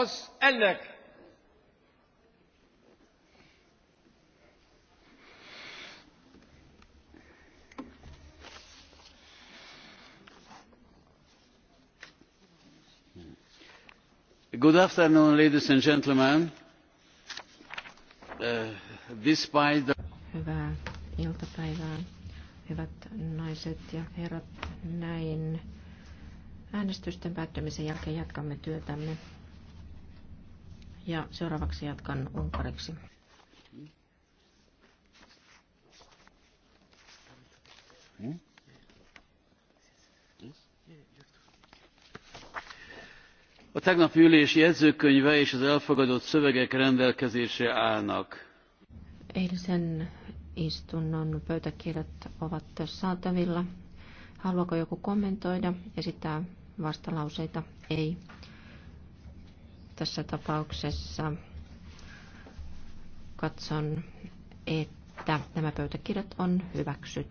az ennek Good afternoon, ladies and gentlemen. Uh, despite the... Hyvää iltapäivää, hyvät naiset ja herrat. Näin äänestysten päättymisen jälkeen jatkamme työtämme. Ja seuraavaksi jatkan unkariksi. a tegnapi ülés jegyzőkönyve és az elfogadott szövegek rendelkezésre állnak. Eilisen istunnon pöytäkirjat ovat saatavilla. Haluaako joku kommentoida, esittää vastalauseita? Ei tässä tapauksessa katson, että nämä pöytäkirjat on hyväksytty.